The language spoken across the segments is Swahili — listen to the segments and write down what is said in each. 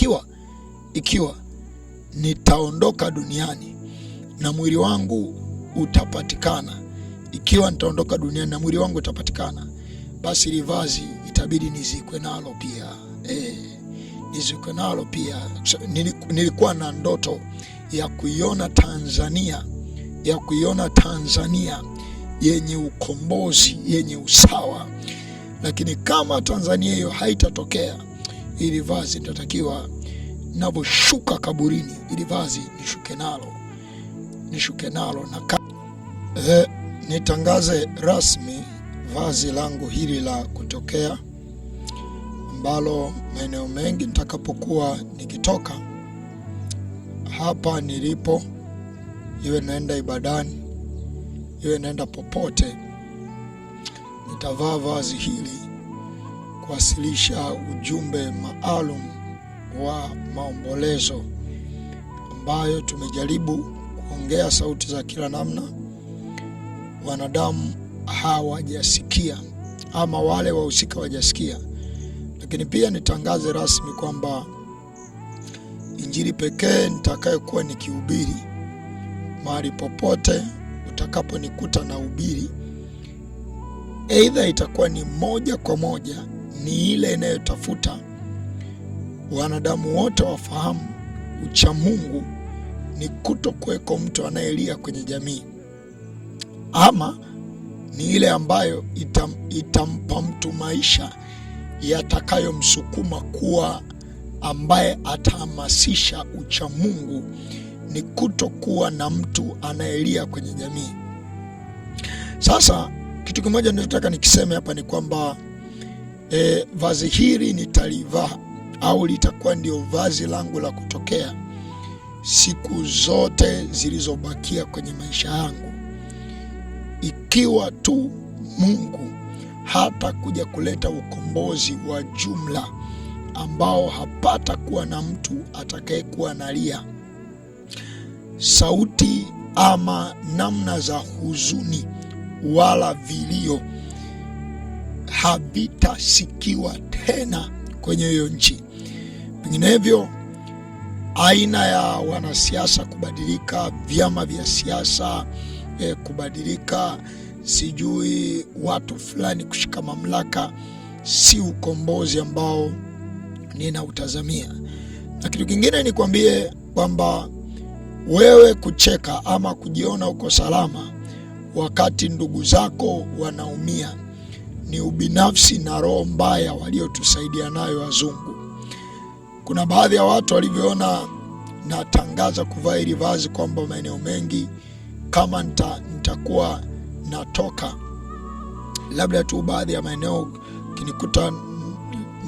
ikiwa ikiwa nitaondoka duniani na mwili wangu utapatikana, ikiwa nitaondoka duniani na mwili wangu utapatikana, basi livazi itabidi nizikwe nalo pia e, nizikwe nalo pia. Nilikuwa na ndoto ya kuiona Tanzania ya kuiona Tanzania yenye ukombozi yenye usawa, lakini kama Tanzania hiyo haitatokea ili vazi nitatakiwa navyoshuka kaburini, ili vazi nishuke nalo nishuke nalo na ka... E, nitangaze rasmi vazi langu hili la kutokea ambalo maeneo mengi nitakapokuwa nikitoka hapa nilipo, iwe naenda ibadani, iwe naenda popote, nitavaa vazi hili kuwasilisha ujumbe maalum wa maombolezo ambayo tumejaribu kuongea sauti za kila namna, wanadamu hawajasikia ama wale wahusika wajasikia. Lakini pia nitangaze rasmi kwamba injili pekee nitakayokuwa nikihubiri mahali popote utakaponikuta na ubiri, aidha itakuwa ni moja kwa moja ni ile inayotafuta wanadamu wote wafahamu ucha Mungu ni kuto kuweko mtu anayelia kwenye jamii, ama ni ile ambayo itam, itampa mtu maisha yatakayomsukuma kuwa ambaye atahamasisha ucha Mungu ni kutokuwa na mtu anayelia kwenye jamii. Sasa kitu kimoja ninachotaka nikiseme hapa ni kwamba e, vazi hili nitalivaa au litakuwa ndio vazi langu la kutokea siku zote zilizobakia kwenye maisha yangu, ikiwa tu Mungu hata kuja kuleta ukombozi wa jumla ambao hapata kuwa na mtu atakayekuwa analia sauti ama namna za huzuni wala vilio havitasikiwa tena kwenye hiyo nchi. Vinginevyo, aina ya wanasiasa kubadilika, vyama vya siasa eh, kubadilika, sijui watu fulani kushika mamlaka, si ukombozi ambao ninautazamia. Na kitu kingine nikwambie kwamba wewe kucheka ama kujiona uko salama wakati ndugu zako wanaumia ni ubinafsi na roho mbaya waliotusaidia nayo wazungu. Kuna baadhi ya watu walivyoona natangaza kuvaa hili vazi kwamba maeneo mengi kama nita, nitakuwa natoka labda tu baadhi ya maeneo kinikuta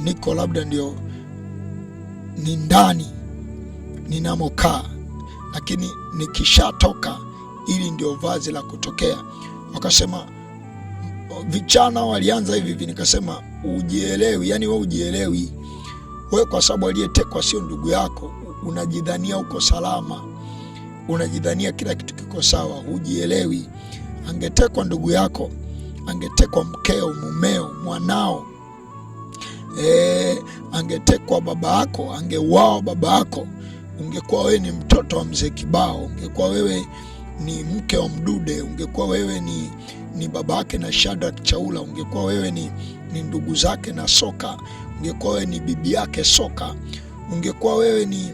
niko labda ndio ni ndani ninamokaa, lakini nikishatoka ili ndio vazi la kutokea, wakasema vichana walianza hivi hivi, nikasema ujielewi, yani wewe ujielewi wewe, kwa sababu aliyetekwa sio ndugu yako, unajidhania uko salama, unajidhania kila kitu kiko sawa, hujielewi. Angetekwa ndugu yako, angetekwa mkeo, mumeo, mwanao E, angetekwa baba yako, angeuawa baba yako, ungekuwa wewe ni mtoto wa mzee kibao, ungekuwa wewe ni mke wa mdude, ungekuwa wewe ni ni babake na Shadrach Chaula, ungekuwa wewe ni, ni ndugu zake na Soka, ungekuwa wewe ni bibi yake Soka, ungekuwa wewe ni,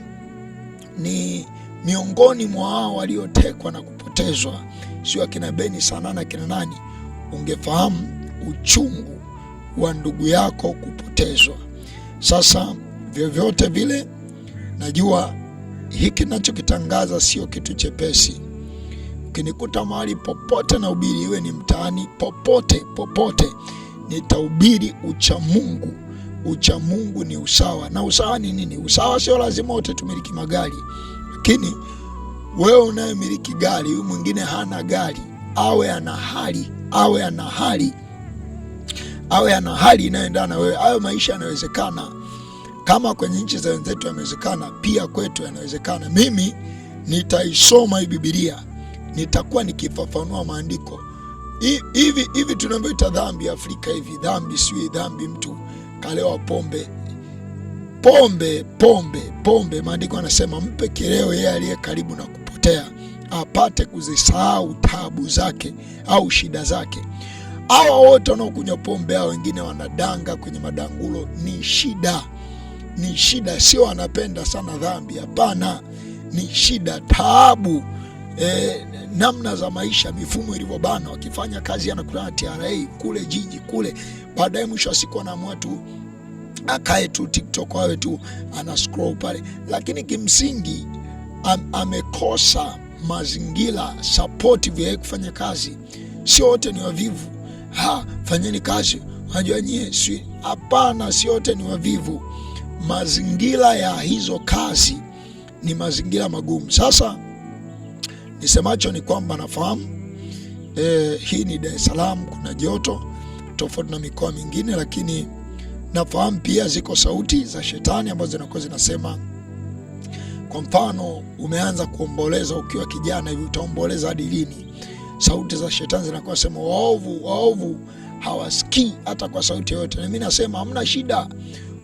ni miongoni mwa hao waliotekwa na kupotezwa, sio akina Beni Sanana, akina nani, ungefahamu uchungu wa ndugu yako kupotezwa. Sasa vyovyote vile, najua hiki nachokitangaza sio kitu chepesi ukinikuta mahali popote na ubiri, iwe ni mtaani, popote popote, nitahubiri ucha Mungu. Ucha Mungu ni usawa. Na usawa ni nini? Usawa sio lazima wote tumiliki magari, lakini wewe unayemiliki gari, huyu mwingine hana gari, awe ana hali, awe ana hali, awe ana hali inayoendana wewe. ayo maisha yanawezekana. Kama kwenye nchi za wenzetu yamewezekana, pia kwetu yanawezekana. Mimi nitaisoma hii Biblia nitakuwa nikifafanua maandiko hivi hivi tunavyoita dhambi Afrika hivi dhambi, sio dhambi, mtu kalewa pombe pombe pombe pombe. Maandiko anasema mpe kileo yeye aliye karibu na kupotea, apate kuzisahau taabu zake au shida zake. Hawa wote wanaokunywa pombe hao, wengine wanadanga kwenye madangulo, ni shida, ni shida, sio anapenda sana dhambi, hapana, ni shida, taabu e, namna za maisha, mifumo ilivyobana, wakifanya kazi anakutana TRA kule jiji kule, baadaye mwisho wa siku anaamua tu akae tu TikTok awe tu ana scroll pale, lakini kimsingi am, amekosa mazingira supportive ya kufanya kazi. Sio wote ni wavivu, ha fanyeni kazi, unajua nyie si hapana, sio wote ni wavivu. Mazingira ya hizo kazi ni mazingira magumu. Sasa Nisemacho ni kwamba nafahamu e, hii ni Dar es Salaam, kuna joto tofauti na mikoa mingine, lakini nafahamu pia ziko sauti za shetani ambazo zinakuwa zinasema. Kwa mfano, umeanza kuomboleza ukiwa kijana hivi, utaomboleza hadi lini? Sauti za shetani zinakuwa sema, waovu waovu hawasikii hata kwa sauti yoyote. Nami nasema hamna shida,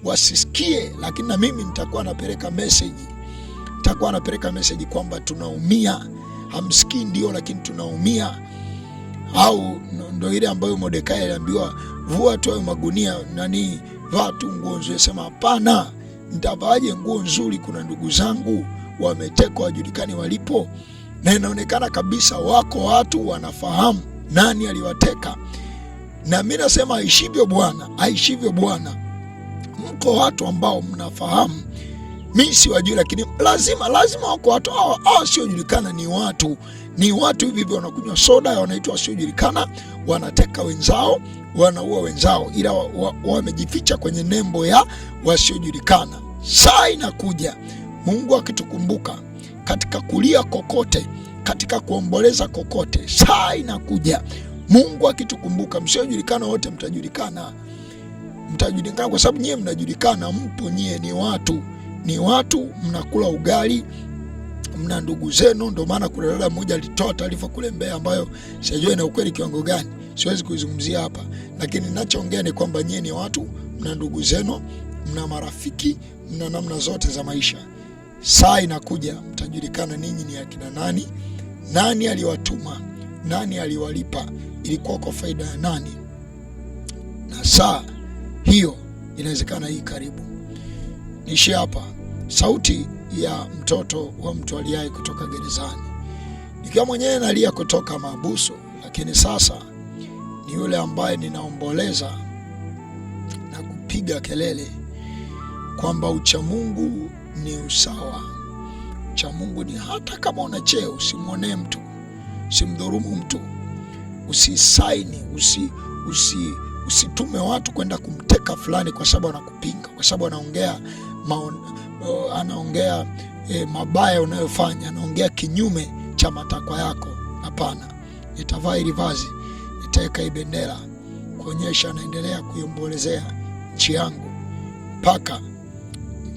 wasisikie, lakini na mimi nitakuwa napeleka meseji, nitakuwa napeleka meseji kwamba tunaumia hamsikii ndio, lakini tunaumia. Au ndo ile ambayo modekai aliambiwa vua tu hayo magunia, nani vaa tu nguo nzuri. Sema hapana, nitavaaje nguo nzuri? Kuna ndugu zangu wametekwa, wajulikani walipo, na inaonekana kabisa wako watu wanafahamu nani aliwateka. Na mi nasema aishivyo Bwana, aishivyo Bwana, mko watu ambao mnafahamu mi siwajui, lakini lazima lazima wako watu hawa wasiojulikana. Ni watu ni watu hivi hivi, wanakunywa soda, wanaitwa wasiojulikana, wanateka wenzao, wanaua wenzao, ila wamejificha wa, wa kwenye nembo ya wasiojulikana. Saa inakuja Mungu akitukumbuka katika kulia kokote, katika kuomboleza kokote, saa inakuja Mungu akitukumbuka, msiojulikana wote mtajulikana, mtajulikana kwa sababu nyie mnajulikana, mpo nyie, ni watu ni watu mnakula ugali mna ndugu zenu. Ndio maana kuna dada mmoja alitoa taarifa kule Mbeya ambayo sijajua ina ukweli kiwango gani, siwezi kuizungumzia hapa, lakini ninachoongea ni kwamba nyie ni watu mna ndugu zenu, mna marafiki, mna namna zote za maisha. Saa inakuja mtajulikana ninyi ni akina nani, nani aliwatuma, nani aliwalipa, ilikuwa kwa faida ya nani, na saa hiyo inawezekana hii karibu niishi hapa sauti ya mtoto wa mtu aliaye kutoka gerezani. Nikiwa mwenyewe nalia kutoka mahabusu, lakini sasa ni yule ambaye ninaomboleza na kupiga kelele kwamba uchamungu ni usawa. Uchamungu ni hata kama una cheo, usimwonee mtu, usimdhurumu mtu, usisaini, usi, usi usitume watu kwenda kumteka fulani kwa sababu anakupinga, kwa sababu anaongea maoni anaongea e, mabaya unayofanya, anaongea kinyume cha matakwa yako. Hapana, nitavaa hili vazi, nitaweka hii bendera kuonyesha anaendelea kuiombolezea nchi yangu mpaka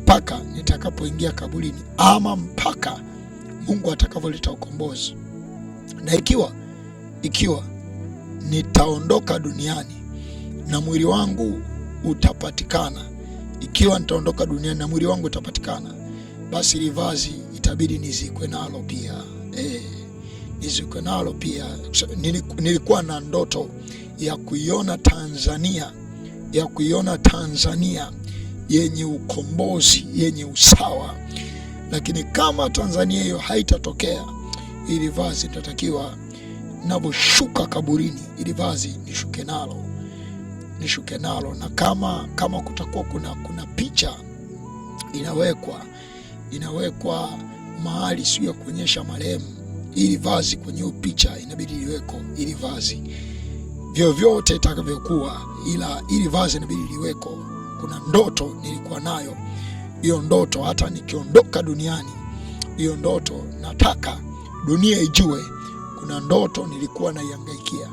mpaka nitakapoingia kaburini, ama mpaka Mungu atakavyoleta ukombozi. Na ikiwa ikiwa nitaondoka duniani na mwili wangu utapatikana ikiwa nitaondoka duniani na mwili wangu utapatikana, basi ili vazi itabidi nizikwe nalo pia e, nizikwe nalo pia. Nilikuwa na ndoto ya kuiona Tanzania ya kuiona Tanzania yenye ukombozi yenye usawa, lakini kama Tanzania hiyo haitatokea, ili vazi nitatakiwa navyoshuka kaburini, ili vazi nishuke nalo nishuke nalo, na kama kama kutakuwa kuna, kuna picha inawekwa inawekwa mahali sio ya kuonyesha marehemu, ili vazi kwenye hiyo picha inabidi liweko, ili vazi vyovyote itakavyokuwa, ila ili vazi inabidi liweko. Kuna ndoto nilikuwa nayo, hiyo ndoto hata nikiondoka duniani, hiyo ndoto nataka dunia ijue kuna ndoto nilikuwa naihangaikia.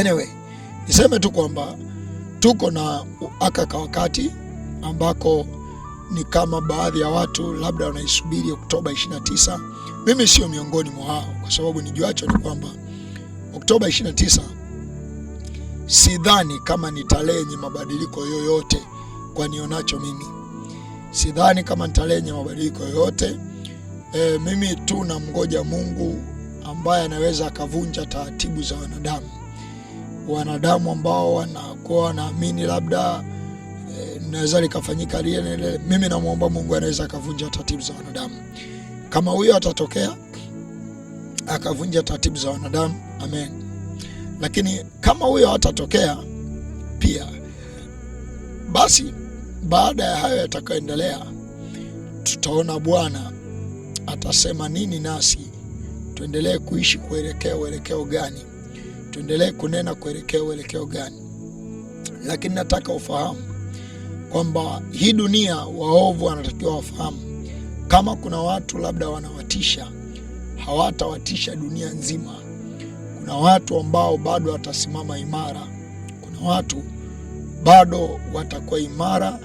Anyway, Niseme tu kwamba tuko na aka ka wakati ambako ni kama baadhi ya watu labda wanaisubiri Oktoba 29. Mimi sio miongoni mwa hao, kwa sababu nijuacho ni kwamba Oktoba 29 sidhani kama ni tarehe yenye mabadiliko yoyote, kwa nionacho mimi sidhani kama ni tarehe yenye mabadiliko yoyote. E, mimi tu namngoja Mungu ambaye anaweza akavunja taratibu za wanadamu wanadamu ambao wanakuwa wanaamini labda eh, naweza likafanyika lile lile. Mimi namwomba Mungu anaweza akavunja taratibu za wanadamu. Kama huyo atatokea akavunja taratibu za wanadamu, amen. Lakini kama huyo hatatokea pia, basi baada ya hayo yatakaendelea tutaona Bwana atasema nini nasi tuendelee kuishi kuelekea uelekeo gani tuendelee kunena kuelekea uelekeo gani, lakini nataka ufahamu kwamba hii dunia waovu wanatakiwa wafahamu, kama kuna watu labda wanawatisha, hawatawatisha dunia nzima. Kuna watu ambao bado watasimama imara, kuna watu bado watakuwa imara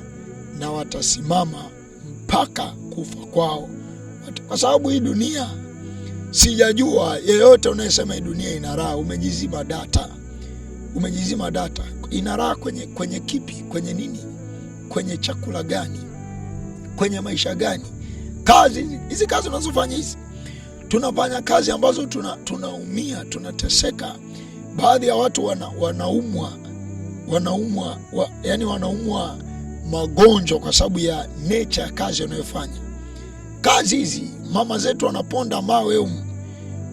na watasimama mpaka kufa kwao, kwa sababu hii dunia Sijajua yeyote unayesema hii dunia ina raha, umejizima data, umejizima data. Ina raha kwenye, kwenye kipi? Kwenye nini? Kwenye chakula gani? Kwenye maisha gani? Kazi hizi kazi unazofanya hizi, tunafanya kazi ambazo tunaumia, tuna tunateseka. Baadhi ya watu wana, wanaumwa wanaumwa wa, yani wanaumwa magonjwa kwa sababu ya nature ya kazi wanayofanya. Kazi hizi mama zetu wanaponda mawe um,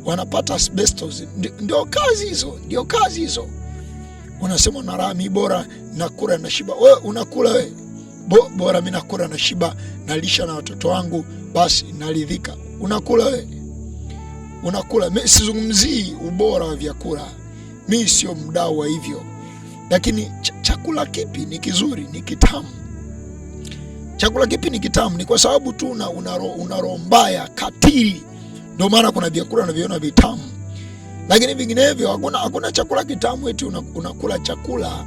wanapata asbestos. Ndio kazi hizo, ndio kazi hizo. Unasema na mi bora nakula na shiba, we unakula we Bo, bora mi nakula na shiba, nalisha na watoto wangu, basi naridhika. Unakula we unakula. Mi sizungumzii ubora wa vyakula, mi sio mdau wa hivyo, lakini ch chakula kipi ni kizuri, ni kitamu Chakula kipi ni kitamu? Ni kwa sababu tu una, una roho mbaya katili, ndio maana kuna vyakula naviona vitamu, lakini vinginevyo hakuna, hakuna chakula kitamu eti unakula una chakula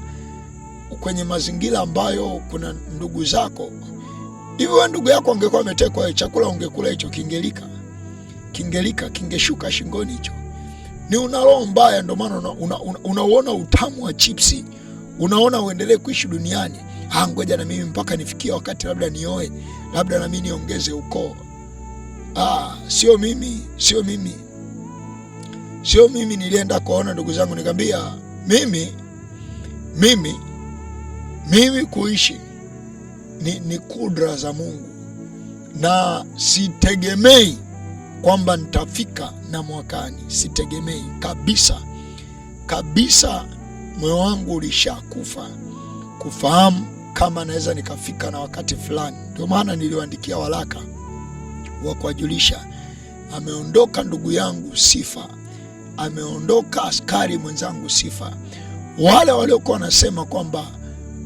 kwenye mazingira ambayo kuna ndugu zako hivyo. Wewe ndugu yako angekuwa ametekwa, chakula ungekula hicho, kingelika kingelika, kingeshuka shingoni hicho. Ni una roho mbaya, ndio maana unauona una, una, una utamu wa chipsi, unaona uendelee kuishi duniani hangoja ah, na mimi mpaka nifikie wakati labda nioe, labda nami niongeze ukoo. Ah, sio mimi, sio mimi, sio mimi. Nilienda kuwaona ndugu zangu, nikamwambia mimi mimi mimi kuishi ni, ni kudra za Mungu na sitegemei kwamba nitafika na mwakani, sitegemei kabisa kabisa. Moyo wangu ulishakufa kufahamu kama naweza nikafika na wakati fulani. Ndio maana niliwaandikia waraka wa kuwajulisha, ameondoka ndugu yangu Sifa, ameondoka askari mwenzangu Sifa. Wale waliokuwa wanasema kwamba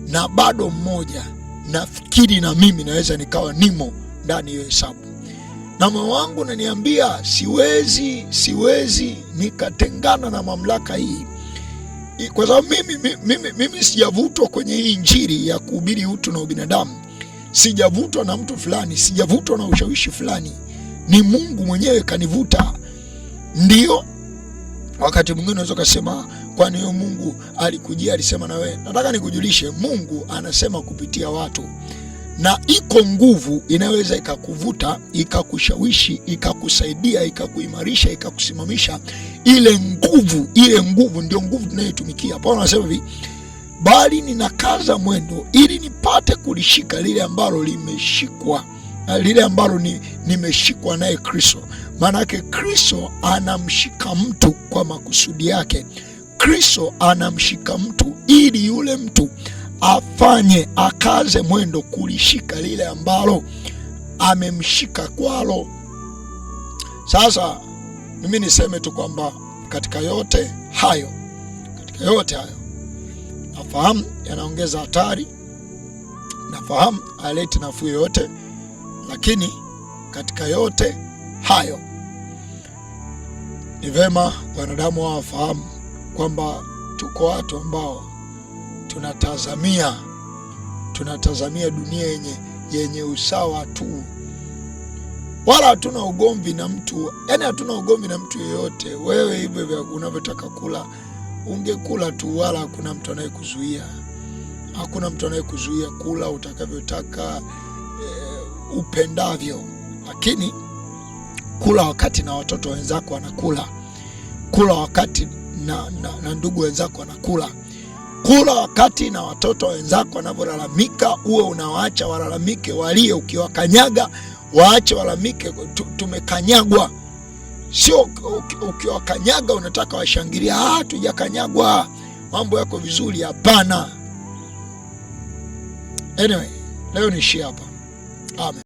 na bado mmoja, nafikiri na mimi naweza nikawa nimo ndani hiyo hesabu, na moyo wangu naniambia siwezi, siwezi nikatengana na mamlaka hii kwa sababu mimi, mimi, mimi, sijavutwa kwenye hii injili ya kuhubiri utu na ubinadamu, sijavutwa na mtu fulani, sijavutwa na ushawishi fulani, ni Mungu mwenyewe kanivuta. Ndio wakati mwingine unaweza ukasema, kwani huyo Mungu alikujia alisema na wewe? Nataka nikujulishe, Mungu anasema kupitia watu, na iko nguvu inaweza ikakuvuta, ikakushawishi, ikakusaidia, ikakuimarisha, ikakusimamisha ile nguvu, ile nguvu ndio nguvu tunayotumikia. Paulo anasema hivi, bali ninakaza mwendo ili nipate kulishika lile ambalo limeshikwa lile ambalo ni, nimeshikwa naye Kristo. yake Kristo anamshika mtu kwa makusudi yake. Kristo anamshika mtu ili yule mtu afanye akaze mwendo kulishika lile ambalo amemshika kwalo. Sasa mimi niseme tu kwamba katika yote hayo, katika yote hayo, nafahamu yanaongeza hatari, nafahamu aleti nafuu yoyote, lakini katika yote hayo ni vema wanadamu wafahamu kwamba tuko watu ambao tunatazamia tunatazamia dunia yenye, yenye usawa tu wala hatuna ugomvi na mtu, yani hatuna ugomvi na mtu yeyote. Wewe hivyo vya unavyotaka kula ungekula tu, wala hakuna mtu anayekuzuia, hakuna mtu anayekuzuia kula utakavyotaka e, upendavyo, lakini kula wakati na watoto wenzako wanakula, kula wakati na, na, na ndugu wenzako wanakula, kula wakati na watoto wenzako wanavyolalamika, uwe unawaacha walalamike, walie ukiwakanyaga waache walamike, tumekanyagwa. Sio ukiwakanyaga unataka washangilia, ah, tujakanyagwa, mambo yako vizuri. Hapana. Anyway, leo niishie hapa. Amen.